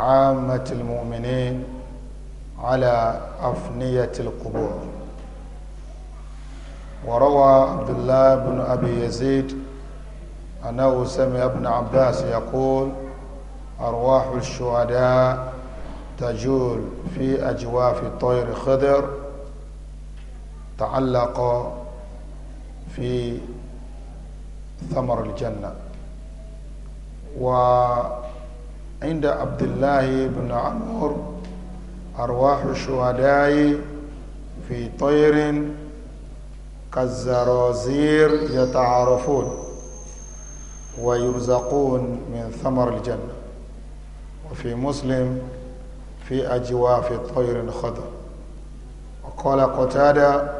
عامة المؤمنين على أفنية القبور وروى عبد الله بن أبي يزيد أنه سمع ابن عباس يقول أرواح الشهداء تجول في أجواف طير خضر تعلق في ثمر الجنة و عند عبد الله بن عمرو أرواح الشهداء في طير كالزرازير يتعارفون ويرزقون من ثمر الجنة وفي مسلم في أجواف طير خضر وقال قتادة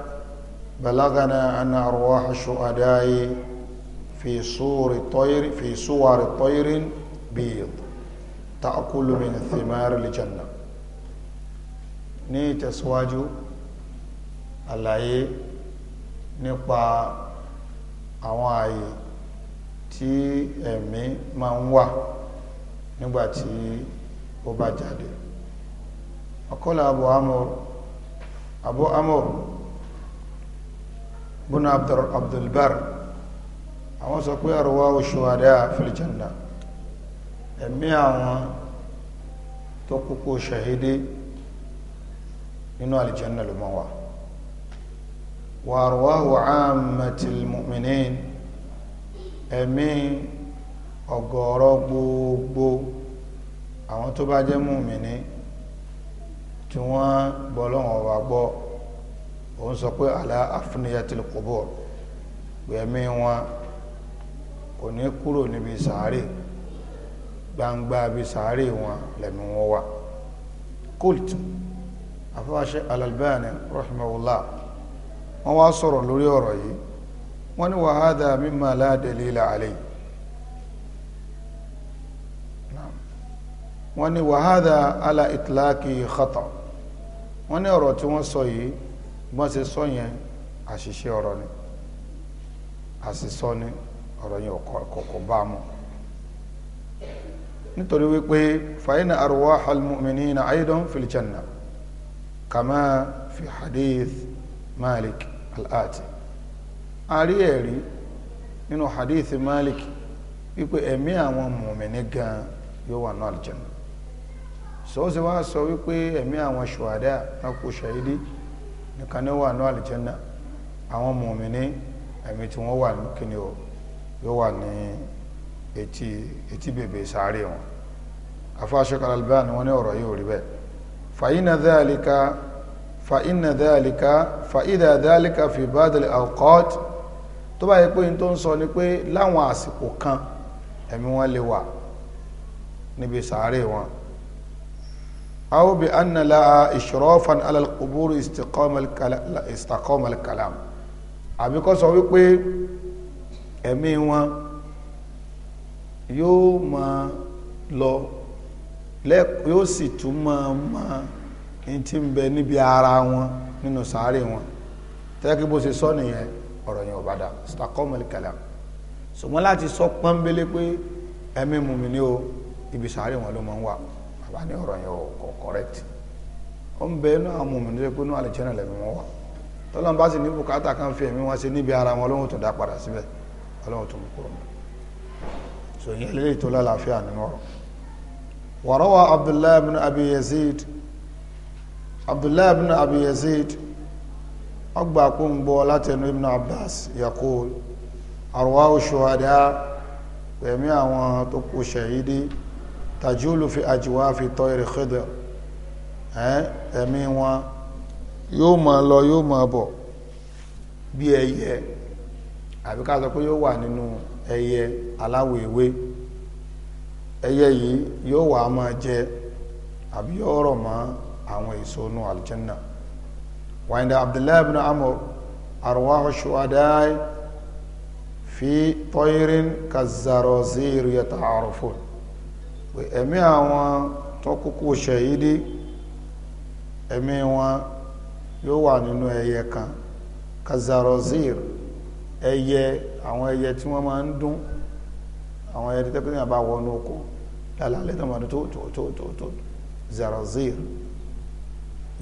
بلغنا أن أرواح الشهداء في صور طير في صور طير بيض ta'kulu min thimar al-janna ní ìtẹ̀síwájú àlàyé nípa àwọn ààyè tí ẹ̀mí máa ń wà nígbàtí ó bá jáde ọkọ́lá abu amur abu amur buna abdulbar àwọn sọ pé àrùwá òṣùwádà fil janna ẹ̀mí àwọn tó kúkú ṣàhídé nínú alìjẹ́nà ló máa wà wa arwahu ammatil mu'minin ẹ̀mí ọ̀gọ̀ọ̀rọ̀ gbogbo àwọn tó bá jẹ́ mùmìnì tí wọ́n gbọ́ lọ́wọ́ wa gbọ́ òun sọ pé ala afniyatil qubur pé ẹ̀mí wọn kò ní kúrò níbi sàárè gbangba bí sàárè wọn lẹ́nu wọn wà kult afọ́wáṣẹ́ al-Albani rahimahullah wọ́n wá sọ̀rọ̀ lórí ọ̀rọ̀ yìí wọ́n ní wa hadha mimma la dalila alayhi wọ́n ní wa hadha ala itlaqi khata wọ́n ní ọ̀rọ̀ tí wọ́n sọ yìí gbọ́n ṣe sọ yẹn àṣìṣe ọ̀rọ̀ ni àṣìṣọ́ ni ọ̀rọ̀ yẹn kò bá mu nítorí wípé fàyínà àrùwá almu'mini na aidan filchanna kama fi hadith malik al'ati a rí ẹ̀rí nínú hadith malik wípé ẹ̀mí àwọn mu'mini gan yóò wà ní aljanna so se wá sọ wípé ẹ̀mí àwọn ṣùwádà nákò ṣàídí nìkan ní wà ní aljanna àwọn mu'mini ẹ̀mí tí wọ́n wà ní kíni yóò wà ní etí etí bèbè sáré wọn afáṣọkà Albani wọn ní ọ̀rọ̀ yóò rí bẹ́ẹ̀ fàyínà dáàlíkà fàyínà dáàlíkà fàyínà dáàlíkà fi bádàlì alqat tó bá yẹ pé n tó ń sọ ni pé láwọn àsìkò kan ẹ̀mí wọn lè wà níbi sáré wọn aw bi anna la ala al-qubur istaqama wípé ẹ̀mí wọn yóò ma lọ yóò sì tún máa ma ní tí ń bẹ níbi ara wọn nínú sàárè wọn tẹ́kí bó ṣe sọ nìyẹn ọ̀rọ̀ yẹn ò bá dà stakọ́mọ̀lì kẹlẹ́ ṣùgbọ́n láti sọ pọ́nbélé pé ẹ̀mí mùmí ni o ibi sàárè wọn ló máa ń wà bàbá ní ọ̀rọ̀ yẹn ò correct ó ń bẹ inú àwọn mùmí ní pé inú àlùjànnà lẹ́mí wọn wà tọ́lọ́n bá sì ní bùkátà kan fi ẹ̀mí wọn ṣe níbi ara wọn lóhun tó dá padà síbẹ̀ ọlọ́run tó mú kúrò mọ́ so yẹn lè tó lálàáfíà nínú ọ̀rọ̀ wàrọwà abdullahi ibn abi yazid abdullahi ibn abi yazid ọgbà kúngbọ látẹnu ibn abbas yakul arwa shuhada pẹ̀mí àwọn tó kú ṣẹ̀yídí tajúlù fi àjíwá fi tọ́ ìrì Khidr ẹ̀mí wọn yóò máa lọ yóò máa bọ̀ bí ẹyẹ àbíká sọ pé yóò wà nínú ẹyẹ aláwọ̀ ewé ẹyẹ yìí yóò wà máa jẹ àbí yóò rọ̀ mọ́ àwọn èso inú aljanna wàyíndà abdullahi ibn amr arwahu shuhadai fi tọ́yìrín kazaroziri yata'arufun pé ẹ̀mí àwọn tó kúkú ṣẹ̀yídí ẹ̀mí wọn yóò wà nínú ẹyẹ kan kazaroziri ẹyẹ àwọn ẹyẹ tí wọ́n máa ń dún àwọn ẹyẹ tí tẹ́pẹ́ bá wọnú oko lálẹ́ tó máa tó tó tó tó tó zarazir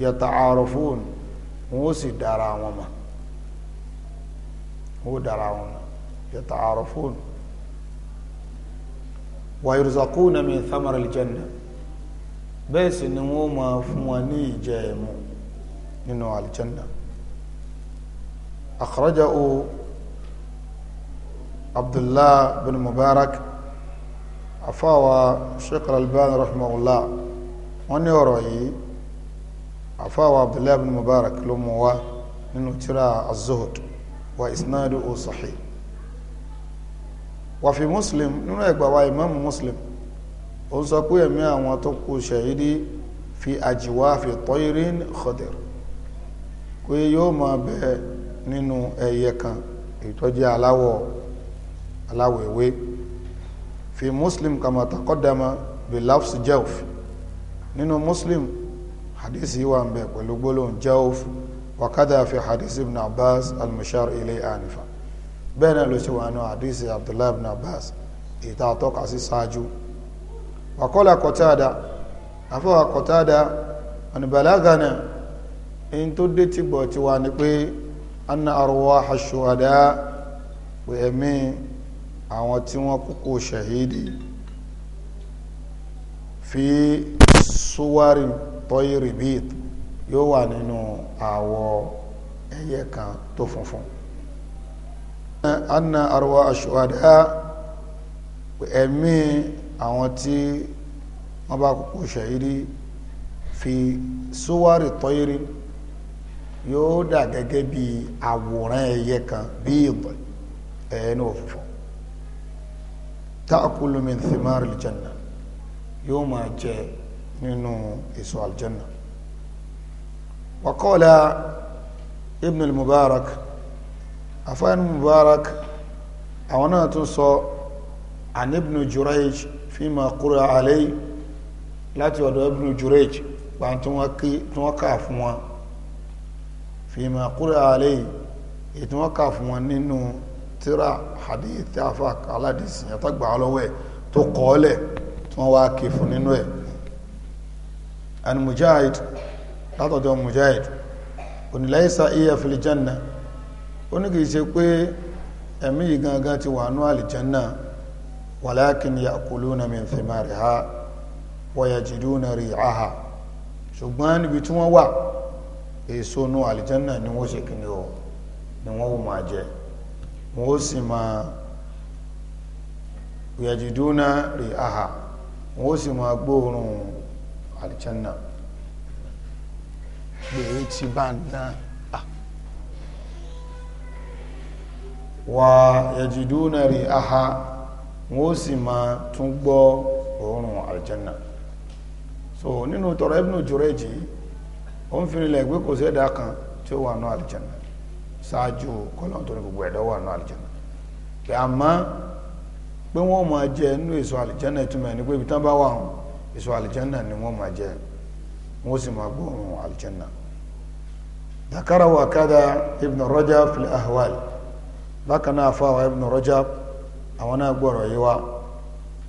yàtà àròfóònù wọn ó sì dára wọn mọ̀ wọn ó dára wọn mọ̀ yàtà àròfóònù wàyùrùsàkúnà min thamara aljanna bẹ́ẹ̀ sì ni wọ́n máa fún wa ní ìjẹ ẹ̀mú nínú aljanna akhrajahu abdullah bin mubarak afawa sheikh albani rahimahullah wọ́n ní ọ̀rọ̀ yìí afawa abdullah bin mubarak ló mú wá nínú tírà az-zuhud wa isnaduhu sahih wa fi muslim nínú ẹgbà wa imam muslim ó sọ pé ẹ̀mí àwọn tó kú ṣahidi fi ajwafi tayrin khadir pé yóò máa bẹ nínú ẹyẹ kan ìtọ́jú aláwọ̀ aláwọ̀ ewé fi muslim kama taqaddama bi lafs jawf nínú muslim hadisi wà ń bẹ pẹ̀lú gbólóhùn jawf wakada fi hadisi ibn abbas al-mushar ilay anifa bẹ́ẹ̀ náà ló ṣe wà nínú hadisi abdullahi ibn abbas ìta àtọ́ka sí ṣáájú wàkọ́lá kọtáàdá afọ́wà kọtáàdá ọ̀nìbàlágánà in tó dé ti bọ̀ ti wà ní pé anna arwaha shuhada pé ẹ̀mí àwọn tí wọ́n kúkú ṣahidi fi suwari tọ́yìrì bíi yóò wà nínú àwọ̀ ẹyẹ kan tó funfun anna arwa aṣọ́dá ẹ̀mí àwọn tí wọ́n bá kúkú ṣahidi fi suwari tọ́yìrì yóò dà gẹ́gẹ́ bí àwòrán ẹyẹ kan bí ìbọn ẹ̀ẹ́nù òfúfọ́ ta'kulu min thimar aljanna yóò máa jẹ nínú èso aljanna wa qala ibn al-mubarak afaan mubarak àwọn náà tún sọ an ibn jurayj fima qura alay láti ọ̀dọ̀ ibn jurayj pa tí wọ́n kà fún wọn fima qura alay ètí wọ́n kà fún wọn nínú tíra hadith afa aládìsí àtàgbà ọlọ́wọ́ ẹ̀ tó kọ́ ọ lẹ̀ tí wọ́n wá ké fún nínú ẹ̀ and mujahid látọ̀dọ̀ mujahid onílẹ́yìísá iya filijanna ó ní kìí ṣe pé ẹ̀mí yìí gangan ti wà ní alìjanna walakin ya'kuluna min thimariha wa yajiduna ri'aha ṣùgbọ́n níbi tí wọ́n wà èso nú alìjanna ni wọ́n ṣe kí ni ó ni wọ́n wò máa wọ́n ó sì máa yẹ̀jìdúnà rí àhà wọ́n ó sì máa gbóòrùn àlìjánà gbèrè tí bá ná wà yẹ̀jìdúnà rí àhà wọ́n ó sì máa tún gbọ́ òórùn àlìjánà so nínú tọrọ Ibnu Jurayji ó ń fi rinlẹ̀ pé kò sí ẹ̀dá kan tí ó wà ní àlìjánà ṣáájú kọ́lọ́n tó ní gbogbo ẹ̀dọ́ wà nù àlìjẹ́nà pé àmọ́ pé wọ́n máa jẹ inú èso àlìjẹ́nà ìtumọ̀ ní pé ibi tán bá wà hàn èso àlìjẹ́nà ni wọ́n máa jẹ wọ́n sì máa gbọ́ ohun àlìjẹ́nà dakara wa kada ibn rajab fil ahwal bákan náà fáwọn ibn rajab àwọn náà gbọ́rọ̀ yìí wá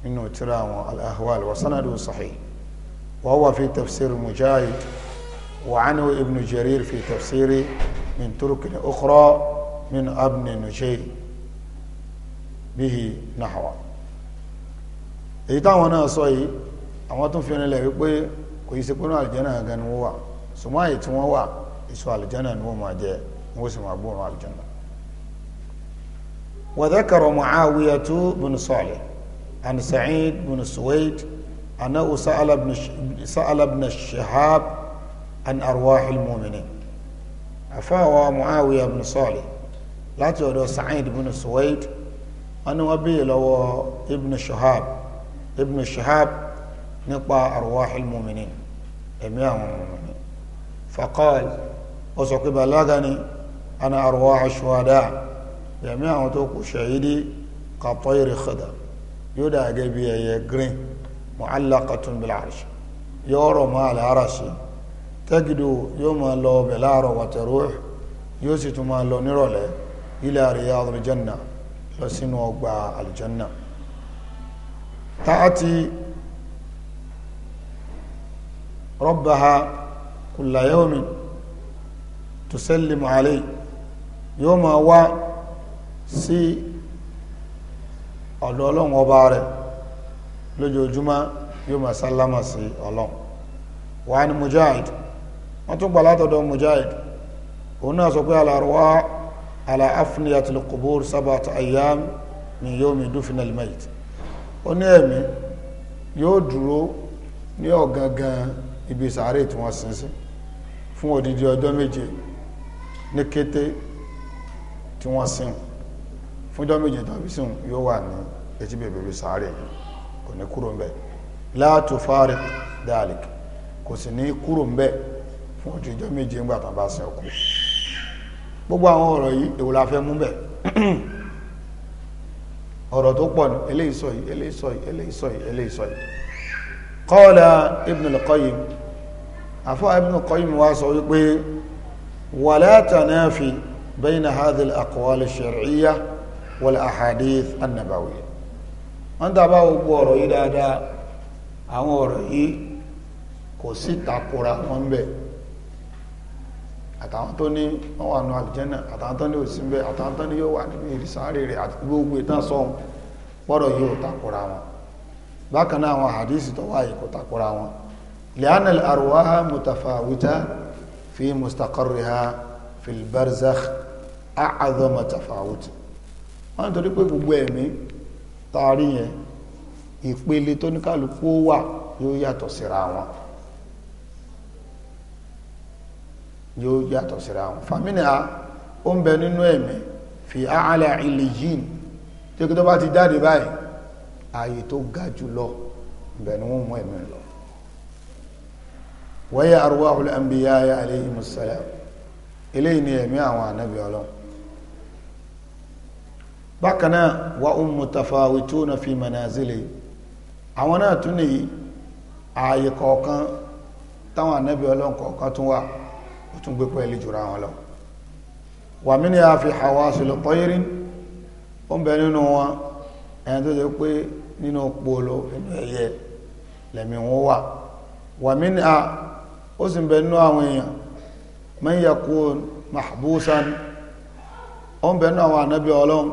nínú tírà àwọn ahwal wa sanadu sahih wa huwa fi tafsir mujahid wa anhu ibn jarir fi tafsiri من طرق أخرى من أبن شيء به نحو èyí táwọn náà sọ yìí àwọn tó fi rinlẹ̀ wípé kò yí sí pé náà àlùjànnà gan ni wọ́n wà ṣùgbọ́n àyè tí wọ́n wà èso àlùjànnà ni wọ́n máa jẹ wọ́n sì máa gbóòrùn àlùjànnà. وذكر معاوية بن صالح عن سعيد بن سويد أنه سأل ابن سأل ابن الشهاب عن أرواح المؤمنين àfọwọ́ muawiya ibn sọ́ọ̀lì láti ọ̀dọ̀ sa'id ibn suwaid wọn ni wọ́n béèrè lọ́wọ́ ibn shahab ibn shahab nípa arwahil mu'minin ẹ̀mí àwọn mu'minin faqal ó sọ pé balagani ana arwah shuhada ẹ̀mí àwọn tó kù ṣahidi ka tayri khadam yóò dà bí ẹyẹ green mu'allaqatun bil arsh yóò rọ̀ mọ́ al tẹ́gìdò yóò máa lọ ọbẹ̀ láàárọ̀ wàtẹ̀rọ yóò sì tún máa lọ nírọ̀lẹ́ ila riyadul janna lọ sínú ọgbà aljanna ta'ati rabbaha kulla yawmin tusallimu alayhi yóò máa wá sí ọ̀dọ̀ ọlọ́run ọba rẹ̀ lójoojúmọ́ yóò máa sálámà sí ọlọ́run wa ni mujahid wọ́n tún gbà látọ̀dọ̀ mujahid òun náà sọ pé alàrúwá aláàfíníyàtìlẹ̀ kòbóòrù sábàtà ayyam ni yóò mi dúfinà lẹ́mẹ̀tì ó ní ẹ̀mí yóò dúró ní ọ̀gangan ibi sàárè tí wọ́n sin sí fún odidi ọjọ́ méje ní kété tí wọ́n sin fún ọjọ́ méje tàbí sin yóò wà ní etí bèbèrè sàárè kò ní kúrò ń bẹ̀ la tufariq dalik kò sì ní kúrò ń bẹ̀ fún ojú ìjọ méje ńgbà tán bá sin òkú gbogbo àwọn ọ̀rọ̀ yìí èwo la fẹ́ mú bẹ̀ ọ̀rọ̀ tó pọ̀ ní eléyìí sọ yìí eléyìí sọ yìí eléyìí sọ yìí eléyìí sọ yìí qala Ibn al-Qayyim àfọ́ Ibn al-Qayyim wá sọ wípé wala tanafi bayna hadhihi al-aqwal ash-shar'iyyah wal ahadith wọ́n tàbá gbogbo ọ̀rọ̀ yìí dáadáa àwọn ọ̀rọ̀ yìí kò sí takora wọn bẹ́ẹ̀ àtàwọn tó ní wọ́n wà nù àlìjẹ́nà àtàwọn tó ní òsì bẹ́ àtàwọn tó ní yóò wà nínú ìrísàárè rẹ̀ àti gbogbo ìtàn sọ́hun pọ́rọ̀ yóò takora wọn bákan náà àwọn àdísì tó wáyé kò takora wọn li'anna al-arwaha mutafawita fi mustaqarriha fi al-barzakh a'zama tafawut wọ́n nítorí pé gbogbo ẹ̀mí taari yẹn ìpele tó ní wà yóò yàtọ̀ síra wọn yóò yàtọ̀ síra wọn fàmínà ó ń bẹ nínú ẹ̀mí fi àálẹ̀ ilẹ̀ yìí tí kí tó bá ti jáde báyìí ààyè tó ga jù lọ ibẹ̀ ni wọ́n mú ẹ̀mí lọ wọ́yẹ arwahul anbiya ya alayhi musalam eléyìí ni ẹ̀mí àwọn ànábì ọlọ́run bákanáà wa um mutafawituna fi manazili àwọn náà tún nìyí ààyè kọ̀ọ̀kan táwọn ànábì ọlọ́run kọ̀ọ̀kan tún wà ó tún gbé pẹ́ẹ́lì jùra wọn lọ wà mí ní àfi hawasil tayrin ó ń bẹ nínú wọn ẹni tó ṣe pé nínú polo inú ẹyẹ lẹ́mí wọn wà wà mí ní a ó sì ń bẹ nínú àwọn èèyàn man yakun mahbusan ó ń bẹ nínú àwọn ànábì ọlọ́run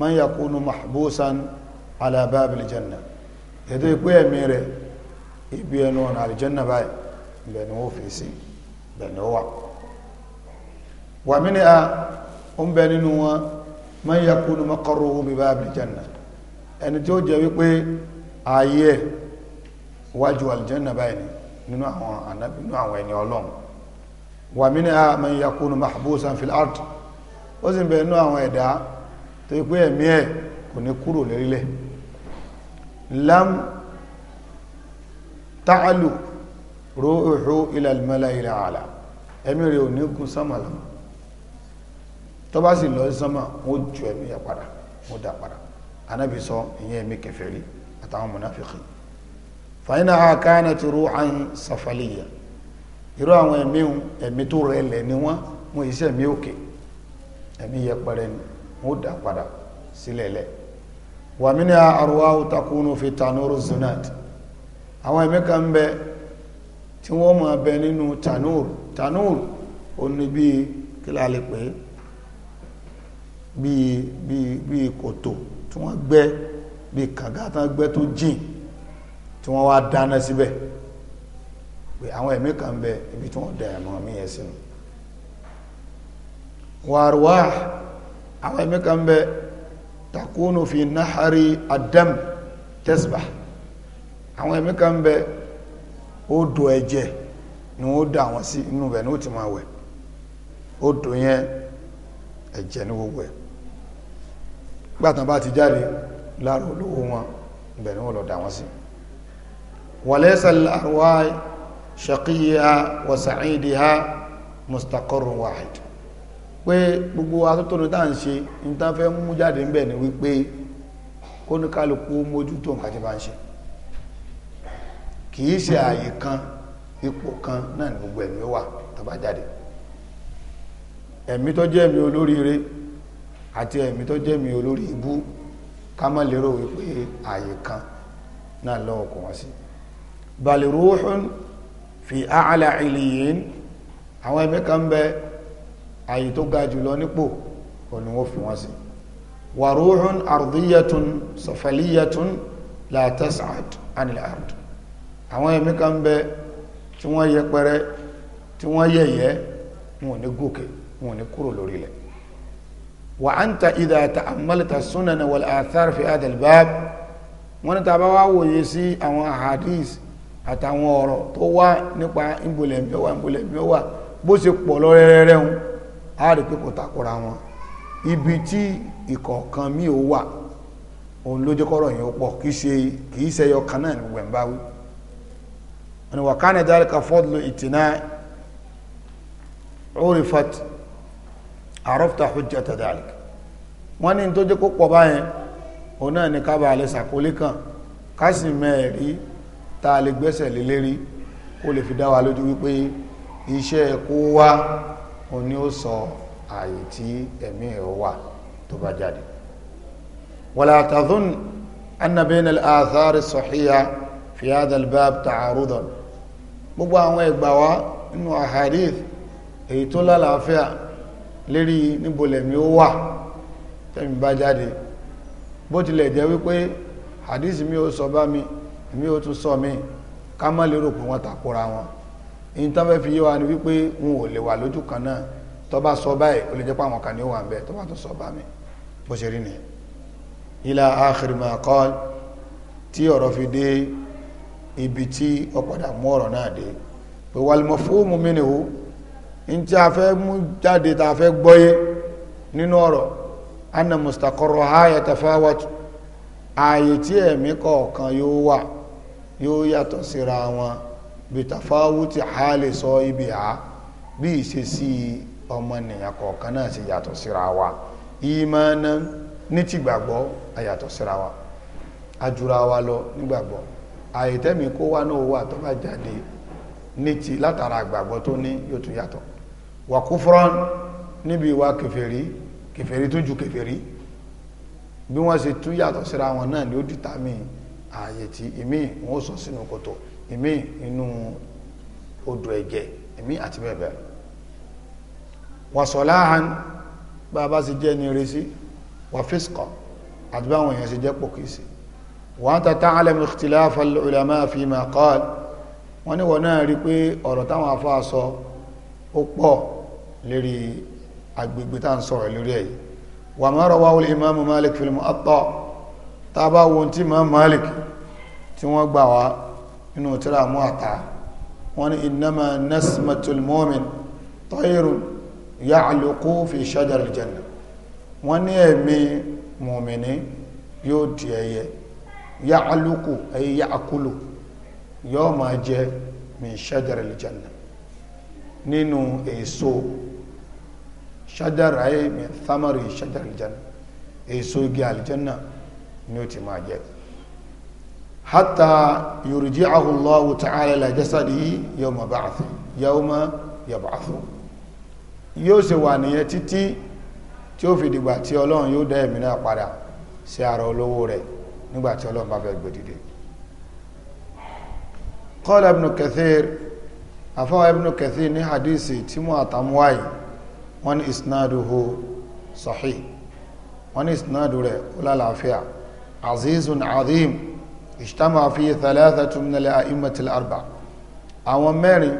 man yakunu mahbusan ala babil janna ètò ìpé ẹ̀mí rẹ̀ ibi ẹnu ọ̀nà àlìjẹ́nà báyìí ìbẹ̀ ni wọ́n fi sí bẹ̀ni ó wà wà mí ni a ó ń bẹ nínú wọn máa ń ya kúnnú mọ́kọ́rọ̀ omi bá abìlìjánà ẹni tí ó jẹ́ wípé ààyè wájú alìjánà báyìí nínú àwọn ànábì nínú àwọn ẹni ọlọ́run wà mí ni a máa ń ya kúnnú mahbusan fil ard ó sì ń bẹ nínú àwọn ẹ̀dá tó yẹ pé ẹ̀mí ẹ̀ kò ní kúrò lérílẹ̀ lam ta'alu ruhu ila al-mala'i al-a'la ẹ̀mí rẹ̀ ò ní kún sánmà lọ tó bá sì lọ sí sánmà wọ́n ju ẹ̀mí yẹn padà wọ́n dá padà anábì sọ ìyẹn ẹ̀mí kèfèrí àtàwọn mùnáfíkì fàyínà àkáàna ti ruhan safaliya irú àwọn ẹ̀mí ẹ̀mí tó rẹlẹ̀ ni wọ́n mú iṣẹ́ mi òkè ẹ̀mí yẹpẹrẹ ni wọ́n dá padà sílẹ̀ lẹ̀ wàmínà àrùwá òtakùnú fi tanúrú zunat àwọn ẹ̀mí kan bẹ́ẹ̀ tí wọ́n máa bẹ nínú tanur tanur ó ní bí kílá lè pé bí bí bí kòtò tí wọ́n gbẹ́ bí kànga tán gbẹ́ tó jìn tí wọ́n wá dáná síbẹ̀ pé àwọn ẹ̀mí kan bẹ ibi tí wọ́n da ẹ̀mọ́ mi yẹn sínú wàrúwà àwọn ẹ̀mí kan bẹ takunu nahari adam tesbah àwọn ẹ̀mí kan bẹ odò ẹ̀jẹ̀ ni wọ́n dà wọ́n sí inú rẹ̀ ní ó ti máa wẹ̀ odò yẹn ẹ̀jẹ̀ ní gbogbo ẹ̀ gbàtàn bá ti jáde lára olówó wọn ibẹ̀ ni wọ́n lọ dà wọ́n sí wàlẹ́sà àrùwá ṣàkíyà wàsàáìdìhá mustaqarrun wahid pé gbogbo atótónu tá à ń ṣe ní tá fẹ́ mú jáde ń bẹ̀ ni wípé kóníkálukú mójútó nǹkan tí bá ń ṣe kì í ṣe ààyè kan ipò kan náà ní gbogbo ẹ̀mí wà tó bá jáde ẹ̀mí tó jẹ́ ẹ̀mí olóríire àti ẹ̀mí tó jẹ́ ẹ̀mí olórí ibú ká má lérò wípé ààyè kan náà lọ́wọ́ kò wọ́n sí bal ruhun fi a'la iliyin àwọn ẹ̀mí kan bẹ ààyè tó ga jùlọ nípò òní wọ́n fi wọ́n sí wa ruhun ardiyatun safaliyatun la tas'ad anil àwọn ẹ̀mí kan ń bẹ tí wọ́n yẹpẹrẹ tí wọ́n yẹ̀yẹ́ wọn ò ní gòkè wọn ò ní kúrò lórí ilẹ̀ wa anta idha ta'ammalta sunana wal athar fi hadha al bab wọ́n ní tàbá wá wòye sí àwọn ahadis àtàwọn ọ̀rọ̀ tó wá nípa ìbòlẹ̀ mi wà ìbòlẹ̀ mi wà bó ṣe pọ̀ lọ wọn a rí pé kò takora wọn ibi tí ìkọ̀ọ̀kan mi ò wà òun ló yẹn pọ̀ kì í ṣe kì í ṣe ẹyọ kan náà ní gbẹ̀mbáwí يعني وكان ذلك فضل اتناء عرفت عرفت حجة ذلك wọ́n ní tó jẹ́ kó pọ̀ báyẹn òun náà ni kábà lè sàkólé kan ká sì mẹ́ẹ̀rí tá a lè gbẹ́sẹ̀ lé lérí kó lè fi dá wa lójú wípé iṣẹ́ kó wá òun ni ó sọ ààyè tí ẹ̀mí ẹ̀ wà tó bá jáde ولا تظن أن بين الآثار الصحية في هذا الباب تعارضا gbogbo àwọn ẹgbà wá nínú ahadith èyí tó lálàáfíà lérí níbolẹ̀mí ó wà tẹ́mi bá jáde bó tilẹ̀ jẹ́ wípé hadith mi ó sọ bá mi mi ó tún sọ mi ká má lérò pé wọ́n takora wọn èyí tó fẹ́ fi yé wa ni wípé wọn ò lè wà lójú kan náà tó bá sọ báyìí ó lè jẹ́ pé kan ní ó wà ń bẹ tó bá tún sọ bá mi bó ṣe rí nìyẹn ila akhir ma tí ọ̀rọ̀ fi dé ibi tí ó padà mú ọ̀rọ̀ náà dé pé wàlùmọ̀ fóòmù mi nìhú ní tí a fẹ́ mú jáde tá a fẹ́ gbọ́yé nínú ọ̀rọ̀ anna mustaqarro haya tafawatu ààyè tí ẹ̀mí kọ̀ọ̀kan yóò wà yóò yàtọ̀ síra wọn bí tafawuti hali sọ ibi ha bí ìṣesí ọmọnìyàn kọ̀ọ̀kan náà sì yàtọ̀ síra wa ìmọ̀ náà ní ti àyàtọ̀ síra wa ajura wa lọ nígbàgbọ́ àìtẹ́mi kó wá náà wà tó bá jáde ní ti látara àgbàgbọ́ tó ní yóò tún yàtọ̀ wà kú fúrán níbi ìwà kèfèrí kèfèrí tó ju kèfèrí bí wọ́n ṣe tún yàtọ̀ síra wọn náà ni ó dìtà mí ààyè tí ìmí wọn ó sọ sínú kòtò ìmí inú odò ẹ̀jẹ̀ ìmí àti bẹ́ẹ̀ bẹ́ẹ̀ wà sọ̀láhàn bá a bá ṣe jẹ́ ní resí wà fíṣkọ̀ àti báwọn èèyàn ṣe jẹ́ pòkì sí i wa anta ta'lamu ikhtilafa al-ulama fima qal wọ́n ní wọ́n náà rí pé ọ̀rọ̀ táwọn afá sọ ó pọ̀ lérí agbègbè tá à ń sọ̀rọ̀ lórí ẹ̀ wa ma rawahu al-imam Malik fil Muwatta tá a bá wo tí Imam Malik tí wọ́n gbà wá nínú tírà Muwatta wọ́n ní innama nasmatul mu'min tayrun ya'luqu fi shajar al wọ́n ní ẹ̀mí mùmìnì yóò di ẹyẹ yá alúkù ẹ̀yẹ yá akúlù yóò máa jẹ min ṣájára ìjànà nínú èso ṣájára ẹ̀ min thamari ṣájára ìjànà èso igi àlìjànà ni ó ti máa jẹ hatta yurji'ahu Allahu ta'ala ila jasadihi yawma ba'ath yawma yab'athu yóò ṣe wà nìyẹn títí tí ó fi dìgbà tí ọlọ́run yóò dá ẹ̀mí náà padà sí ara olówó rẹ̀ nígbà tí ọlọ́run bá fẹ́ gbé dìde qala ibn kathir afọ́wà ibn kathir ní hadisi tí mú àtàmúwáyì wọ́n ní isnaduhu sahih wọ́n ní isnadu rẹ̀ ó lálàáfíà azizun azim ijtama fi thalathatu min al-a'immati arba àwọn mẹ́rin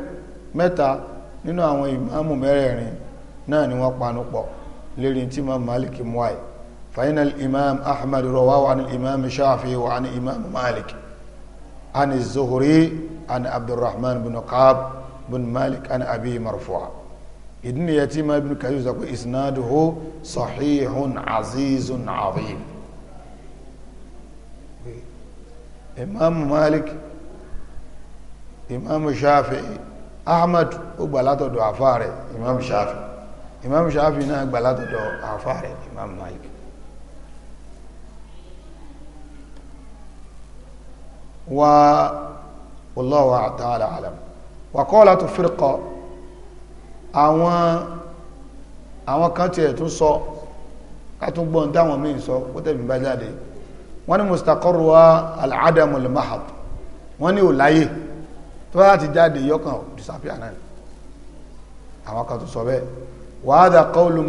mẹ́ta nínú àwọn ìmáàmù mẹ́rẹ̀ẹ̀rin náà ni wọ́n panu pọ̀ lérí tí ma Malik muwáyì فإن الإمام أحمد رواه عن الإمام الشافعي وعن الإمام مالك عن الزهري عن عبد الرحمن بن قاب بن مالك عن أبي مرفوع إذن يتيم ابن كثير يقول إسناده صحيح عزيز عظيم إمام مالك إمام الشافعي أحمد أبلاته دعفاره إمام الشافعي إمام الشافعي نعم أبلاته دعفاره إمام مالك wallahu ta'ala alam wàkọ́ọ̀lá tó fírkọ àwọn àwọn kan tiẹ̀ tún sọ kátúngbọ́n táwọn míì sọ ó tẹ̀bí bá jáde wọ́n ní mustaqarruha al'adamul mahab wọ́n ní ò láyé tó láti jáde yọkàn disappear náà àwọn kan tó sọ bẹ́ẹ̀ wa hadha qawlu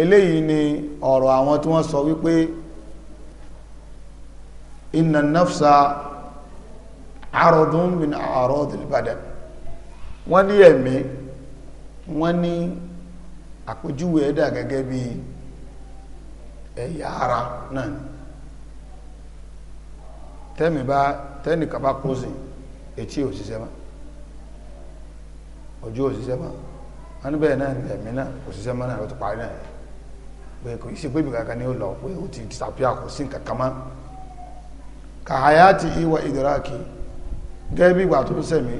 eléyìí ni ọ̀rọ̀ àwọn tí wọ́n sọ wípé إن النفس عرض min arodun badan wọ́n ní ẹ̀mí wọ́n ní àpèjúwe ẹ̀dà gẹ́gẹ́ bí ẹ̀yà ara náà ni tẹ́mì bá tẹ́nìkan bá kó sí etí òṣìṣẹ́ mọ́ ojú òṣìṣẹ́ mọ́ wọ́n ní bẹ́ẹ̀ náà ní ẹ̀mí náà òṣìṣẹ́ mọ́ náà ló ti parí náà pé kò sí pé ibìkankan ni ó lọ pé ó ti disappear kò sí nǹkan kan mọ́ kàháyàtì ìwà ìdìrákì gẹ́gẹ́ bí ìgbà tó ń sẹ̀mí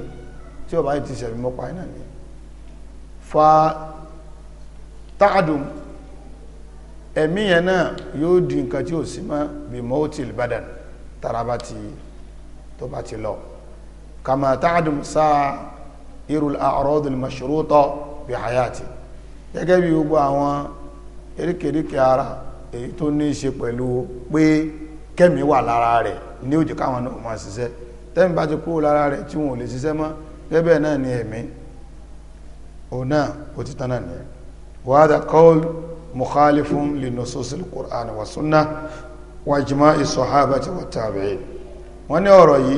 tí ọba yìí ti sẹ̀mí mọ́pa iná ni fa táàdùn ẹ̀mí yẹn náà yóò di nǹkan tí ò sí mọ́ bí mọ́tì ìbàdàn taraba ti tó bá ti lọ kàmà táàdùn sáà irul àrọ́dùn mọ̀ṣúrútọ̀ bí hayati gẹ́gẹ́ bí gbogbo àwọn eríkèríkè ara èyí tó ní í ṣe pẹ̀lú pé kẹ́mi wà lára rẹ̀ ní òjò káwọn náà máa ṣiṣẹ́ tẹ́mi bá ti kúrò lára rẹ̀ tí wọn ò lè ṣiṣẹ́ mọ́ gẹ́gẹ́ náà ni ẹ̀mí òun náà ó ti tán náà nìyẹn wàhádà kọ́ọ̀lù mukhalifun linososil Qur'an wa sunna wa jima'i sahabati wa tabi'in wọ́n ní ọ̀rọ̀ yìí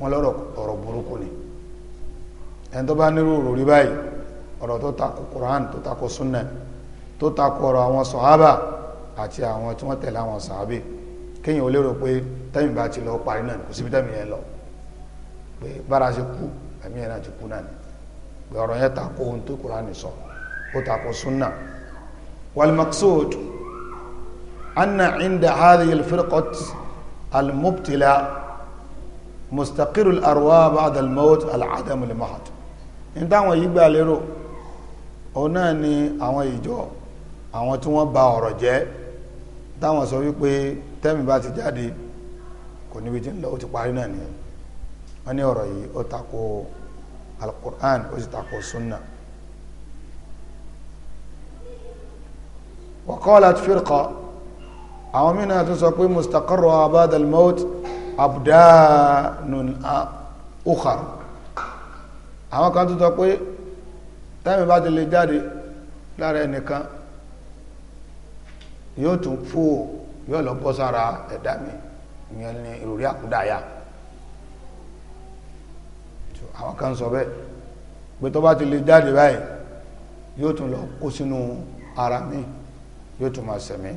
wọ́n lọ́rọ̀ ọ̀rọ̀ burúkú ni ẹni tó bá nírú ọ̀rọ̀ rí báyìí ọ̀rọ̀ tó takò Qur'an tó takò sunna tó takò ọ̀rọ̀ àwọn sọ̀hábà àti àwọn tí wọ́n tẹ̀lé àwọn sàábì kéèyàn ó lérò pé tẹ́yìn bá ti lọ parí náà kò síbi tẹ́yìn yẹn lọ pé bára ṣe kú ẹ̀mí yẹn náà ti kú náà ni pé ọ̀rọ̀ yẹn ta ko ohun tó Kùránì sọ ó ta ko súnà walmaksud anna inda hadhihi alfirqat almubtila mustaqiru arwa ba'da almaut al'adam almahad ní táwọn yìí gbà lérò òun náà ni àwọn ìjọ àwọn tí wọ́n bà ọ̀rọ̀ jẹ́ táwọn sọ wípé tẹ́mi bá ti jáde kò níbi tí ń lọ ó ti parí náà nìyẹn wọ́n ní ọ̀rọ̀ yìí ó tako alukur'an ó sì tako sunna wa qalat firqa àwọn mìíràn tún sọ pé mustaqarra abad al-maut abdanun ukhar àwọn kan tún sọ pé tẹ́mi bá ti lè jáde lára ẹnìkan yóò tún fò yóò lọ bọ́ sára ẹ̀dá mi ìyẹn ni ìròrí àkúdàáyà àwọn kan sọ bẹ́ẹ̀ pé tó bá ti lè jáde báyìí yóò tún lọ kó sínú ara mi yóò tún máa sẹ̀mí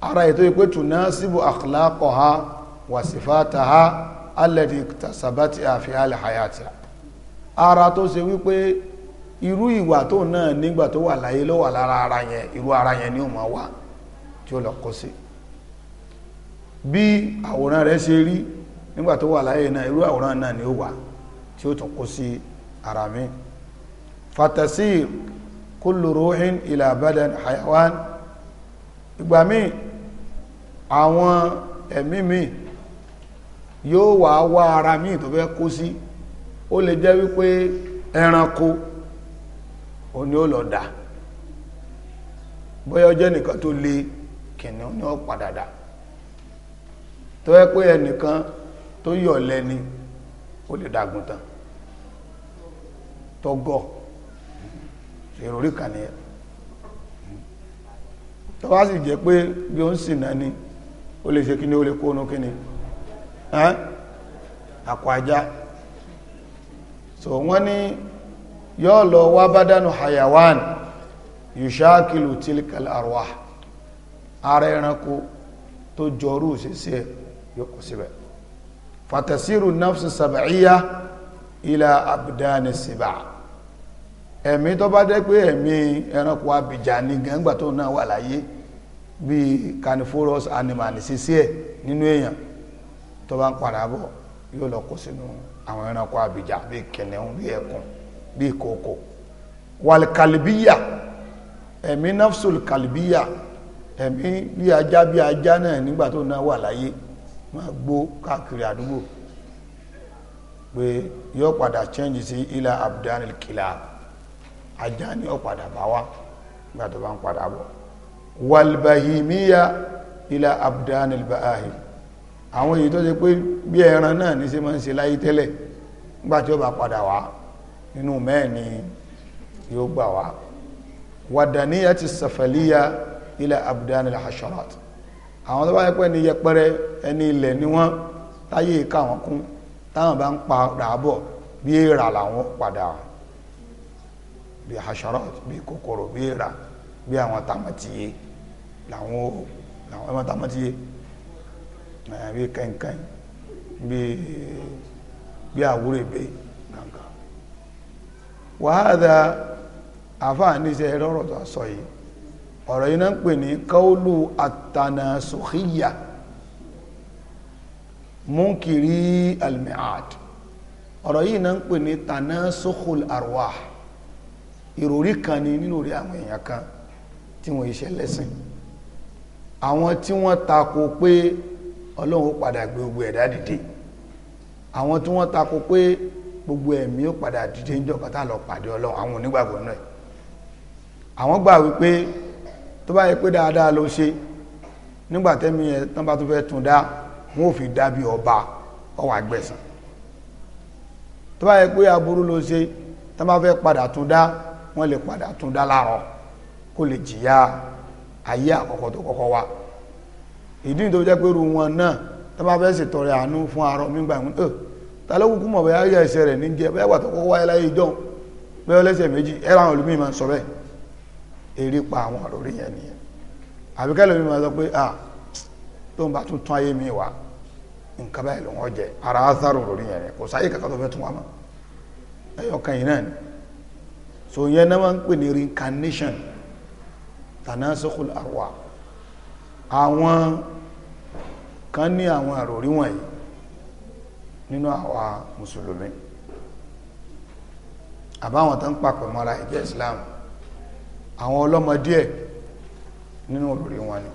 ara ètò ìpé tùná síbò àkàlákọ̀ ha wàsífàtà ha alẹ́dì tàṣàbátì àfihàn àlẹ́ hayati ara tó ṣe wípé irú ìwà tó náà nígbà tó wà láyé ló wà lára ara yẹn irú ara yẹn ni ó máa wà tí ó lọ kó sí bí àwòrán rẹ̀ ṣe rí nígbà tó wà láyé náà irú àwòrán náà ni ó wà tí ó tún kó sí ara mi fatasir kullu ruhin ila badan hayawan ìgbà míì àwọn ẹ̀mí míì yóò wà wá ara míì tó fẹ́ kó sí ó lè jẹ́ wípé ẹranko ó ní ó lọ dà bóyá ọjọ́ nìkan tó le kìnìún ní ó padà dà tó yẹ pé ẹnìkan tó yọ̀ lẹ́ni ó lè dàgùn tán tọ́gọ̀ ìròrí kan nìyẹn tó bá sì jẹ́ pé bí ó ń sìn náà ni ó lè ṣe kí ni ó lè kóónú kí ni àkọ ajá so wọ́n ní yóò lọ wá bádánù hayawan yushakilu tilkal arwah ara ẹranko tó jọrú òṣìṣẹ́ yóò kò síbẹ̀ fatasiru nafsu sab'iyya ila abdani siba ẹ̀mí tó bá dẹ́ pé ẹ̀mí ẹranko abìjà ní gẹ́ngbà tó náà wà láyé bí carnivorous animal sísí ẹ̀ nínú èèyàn tó bá ń padà bọ̀ yóò lọ kó sínú àwọn ẹranko abìjà bí kìnìún bí ẹkùn bí ìkòkò wàlìkàlìbíyà ẹ̀mí nafsul kàlìbíyà ẹ̀mí bí ajá bí ajá náà nígbà tó náà wà láyé máa gbó káàkiri àdúgbò pé yóò padà change sí ilà abdanil kìlá ajá ni ó padà bá wá nígbà tó bá ń padà bọ̀ wàlbàhìmíyà ilà abdanil ba'ahim àwọn èyí tó ṣe pé bí ẹran náà ní ṣe máa ń ṣe láyé tẹ́lẹ̀ nígbà tí ó bá padà wá inú mẹ́ẹ̀ ni yóò gbà wá wàdàníyà ti sàfàlíyà ilẹ̀ abdan al-hasharat àwọn tó bá yẹ pé ní yẹpẹrẹ ẹni ilẹ̀ ni wọ́n táyé ìka wọn kún táwọn bá ń pa ràbọ̀ bí èèrà làwọn padà bí hasharat bí kòkòrò bí èèrà bí àwọn tamatiye làwọn làwọn ẹmọ tamatiye bí kẹ́ńkẹ́ń bí àwúrẹ́bẹ̀ẹ́ wàhádà àfáàníṣẹ́ ẹ̀rọ̀rọ̀ tó sọ yìí ọ̀rọ̀ iná ń pè ní kaulu àtànàṣòkíyà múnkìrí almiad ọ̀rọ̀ yìí náà ń pè ní tanasukhul arwah ìròrí kan ni nínú orí àwọn èèyàn kan tí wọ́n iṣẹ́ lẹ́sìn àwọn tí wọ́n tako pé ọlọ́run padà gbogbo ẹ̀dá dìde àwọn tí wọ́n tako pé gbogbo ẹ̀mí ó padà dìde ń jọkọ̀ tá a lọ pàdé ọlọ́run àwọn onígbàgbọ́ náà àwọn gbà wípé tó bá yẹ pé dáadáa ló ṣe nígbà tẹ́mi yẹn tán bá tó fẹ́ tún dá wọn ò fi dábì ọba ọwọ́ àgbẹ̀sán tó bá yẹ pé aburú ló ṣe tán bá fẹ́ padà tún dá wọn lè padà tún dá láàrọ̀ kó lè jìyà ayé àkọ́kọ́ tó kọ́kọ́ wá ìdí nítorí jẹ́ pé irú wọn náà tán bá fẹ́ ṣètọrẹ àánú fún arọ nígbà ìwọ̀n ta ló kúkú mọ̀ bẹ́ẹ̀ yá ẹsẹ̀ rẹ̀ ní jẹ́ bẹ́ẹ̀ wà tó kọ́ wáyé láyé ìjọ́ bẹ́ẹ̀ lẹ́sẹ̀ méjì ẹ̀rọ àwọn olùmí máa ń sọ bẹ́ẹ̀ eré pa àwọn àròrí yẹn nìyẹn àbíkẹ́ lómi máa sọ pé à tó ń bá tún tún ayé mi wá nǹkan báyìí ló wọ́n jẹ ara azaro òròrí yẹn kò sáyé kankan tó fẹ́ tún wá mọ́ ẹyọ kan yìí náà ni so yẹn náà máa ń pè ní reincarnation tanasukul arwa àwọn kan ní àwọn àròrí wọ̀nyí nínú àwa mùsùlùmí àbáwọn tó ń papọ̀ mọ́ra ẹgbẹ́ islam àwọn ọlọ́mọ díẹ̀ nínú olórí wọn ni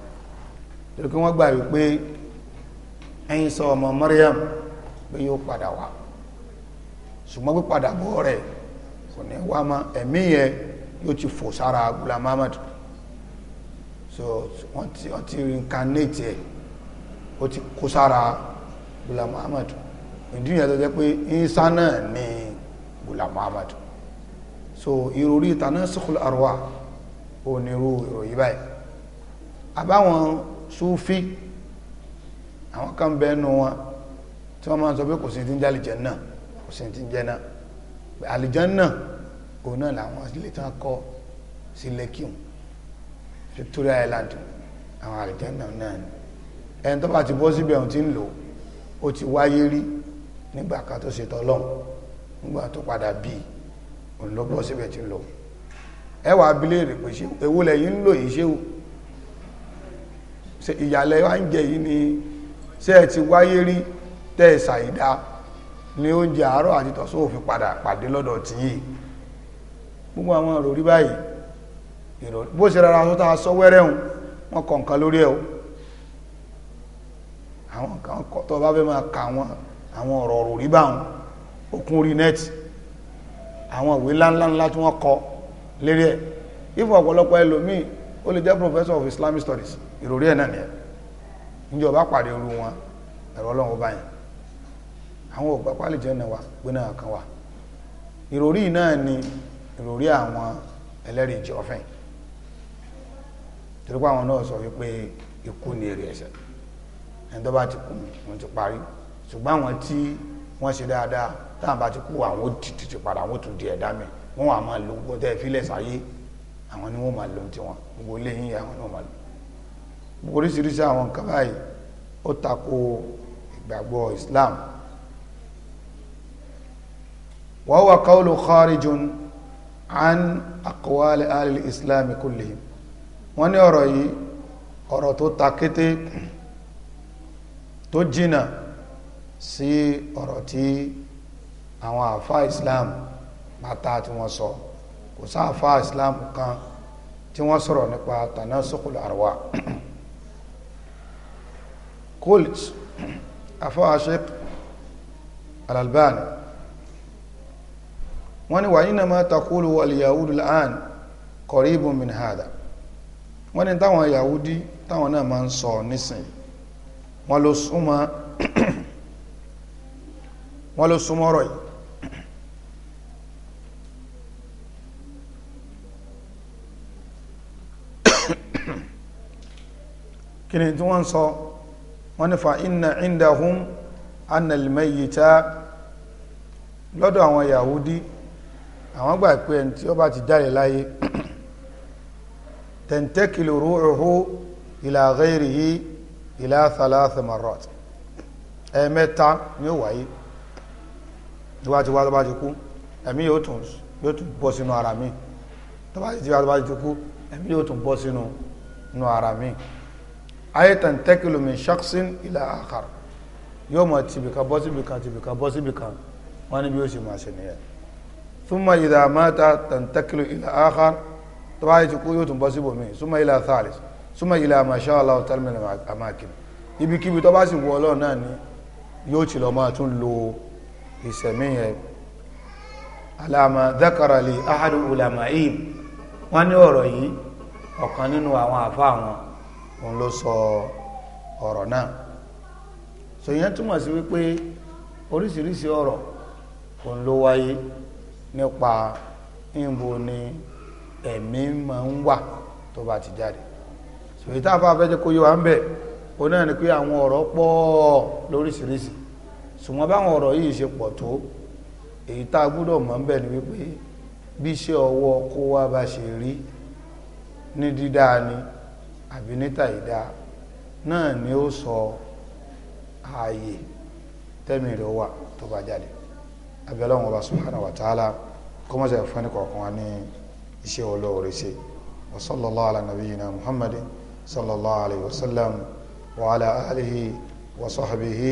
torí kí wọ́n gbà wípé ẹ̀yin sọ ọmọ Maryam pé yóò padà wá ṣùgbọ́n pípadà bọ̀ rẹ̀ kò ní wá mọ́ ẹ̀mí yẹn yóò ti fò sára Ghulam Ahmad so wọ́n ti reincarnate ẹ̀ ó ti kó sára Ghulam Ahmad ìdí yẹn tó jẹ́ pé Isa náà ni Ghulam Ahmad so ìròrí tanasukul arwa ò ní irú ìròyìn báyìí àbáwọn Sufi àwọn kan bẹ́ẹ̀ nu wọn tí wọ́n máa ń sọ pé kò sí ti ń jẹ́ àlìjẹ́nnà kò sí ti ń jẹ́ náà àlìjẹ́nnà òun náà làwọn ilé tí wọ́n kọ́ sí lẹ́kìún Victoria Island àwọn àlìjẹ́nnà náà ni ẹni tó bá ti bọ́ síbẹ̀ òun ti ń lò ó ti wáyé rí nígbà kan tó ṣètò ọlọ́run nígbà tó padà bí òun ló bọ́ síbẹ̀ tí ń lò ẹ wàá abilé rè pé ṣé ewu lẹ́yìn ń lò yìí ṣé o ìyàlẹ̀ wa yìí ni ṣé ẹ ti wáyé rí tẹ́ ẹ ṣàìdá ní oúnjẹ àárọ̀ àti tọ̀sán òfin padà pàdé lọ́dọ̀ tí yìí gbogbo àwọn ìròrí báyìí ìròrí bó ṣe rárá tó tá a sọ wẹ́rẹ́ nǹkan lórí ẹ̀ o àwọn kan tó bá fẹ́ máa kà wọ́n àwọn ọ̀rọ̀ ọ̀rọ̀ rí báwọn òkun orí nẹ́ẹ̀tì àwọn ìwé ńláńláńlá tí wọ́n kọ lérí ẹ̀ ìfọ̀ ọ̀pọ̀lọpọ̀ ẹlòmíì ó lè jẹ́ professor of Islamic studies ìròrí ẹ̀ náà nìyẹn níjọba pàdé orú wọn ẹ̀rọ ọlọ́run báyìí àwọn ògbà pálí jẹ́ náà wà pé náà kan wà ìròrí náà ni ìròrí àwọn ẹlẹ́rìí ìjì ọ̀fẹ́ torípé àwọn náà sọ wípé ikú ni èrè ẹ̀ṣẹ̀ ẹni tó bá ti kú wọn ti parí ṣùgbọ́n àwọn tí wọ́n ṣe dáadáa táwọn bá ti kú àwọn ó padà àwọn ó di ẹ̀dá mi wọ́n wà máa lo gbọ́n tẹ́ sáyé àwọn ni wọ́n máa lo tiwọn gbogbo lẹ́yìn àwọn ni wọ́n máa lo oríṣiríṣi àwọn nǹkan báyìí ó tako ìgbàgbọ́ Islam wa huwa qawlu kharijun an aqwal ahli al-islam kullihim wọ́n ní ọ̀rọ̀ yìí ọ̀rọ̀ tó takété tó jìnnà sí ọ̀rọ̀ tí àwọn àfa Islam bàtà tí wọ́n sọ kò sáàfa Islam kan tí wọ́n sọ̀rọ̀ nípa tanasukul arwa kult afa Sheikh Al-Albani wọ́n ní wàyí náà máa takúlù al-yahudu al-an qaribun min wọ́n ní táwọn yahudi táwọn náà máa ń sọ nísìn wọ́n ló súnmọ́ wọ́n ló súnmọ́ ọ̀rọ̀ yìí kí ni tí wọ́n sọ wọ́n ní fa inna indahum anal mayyita lọ́dọ̀ àwọn Yahudi àwọn gbà pé ẹni tí ó bá ti jáde láyé tẹ̀ntẹ́kìlì ruuhu ila ghairihi ila thalath marrat ẹ̀ẹ̀mẹ́ta ni ó wáyé tó bá ti wá tó bá ti kú ẹ̀mí yóò tún yóò tún bọ́ sínú ara mi tó bá ti wá tó bá ti kú ẹ̀mí yóò tún bọ́ sínú nínú ara mi ayétan tẹ́kìlù min ṣaksin ila akhar yóò mọ̀ tìbìkà bọ́ síbìkà tìbìkà bọ́ síbìkà wọ́n ní bí ó sì máa ṣe nìyẹn thumma idha mata tantakilu ila akhar tó bá ti kú yóò tún bọ́ síbò mi thumma ila thalith thumma ila masha Allah ta'ala min ibikíbi tó bá sì wọ ọlọ́run náà ni yóò ti máa tún lo ìsẹ̀míyẹ alama dhakarali ahadu ulamaib wọ́n ní ọ̀rọ̀ yìí ọ̀kan nínú àwọn àfa wọn òun ló sọ ọ̀rọ̀ náà sòyìn túmọ̀ sí wípé oríṣiríṣi ọ̀rọ̀ òun ló wáyé nípa ìbò ni ẹ̀mí máa ń wà tó bá ti jáde sòyìn táfà fẹ́ jẹ́ kó yé wa ń bẹ̀ òun náà ni pé àwọn ọ̀rọ̀ pọ̀ lóríṣiríṣi ṣùgbọ́n báwọn ọ̀rọ̀ yìí ṣe pọ̀ tó èyí tá a gbúdọ̀ mọ̀ ń bẹ̀ ni wípé bí iṣẹ́ ọwọ́ kó wá bá ṣe rí ní dídá ni àbí níta ìdá náà ni ó sọ ààyè tẹ́mi rẹ̀ wà tó bá jáde abẹ́lẹ́ wọn bá subhanahu wa ta'ala kọ́mọ́sẹ̀ fún ẹni kọ̀ọ̀kan wa ní iṣẹ́ olóore ṣe wa sallallahu ala nabiyyina muhammadin sallallahu alayhi wa sallam wa ala alihi wa sahbihi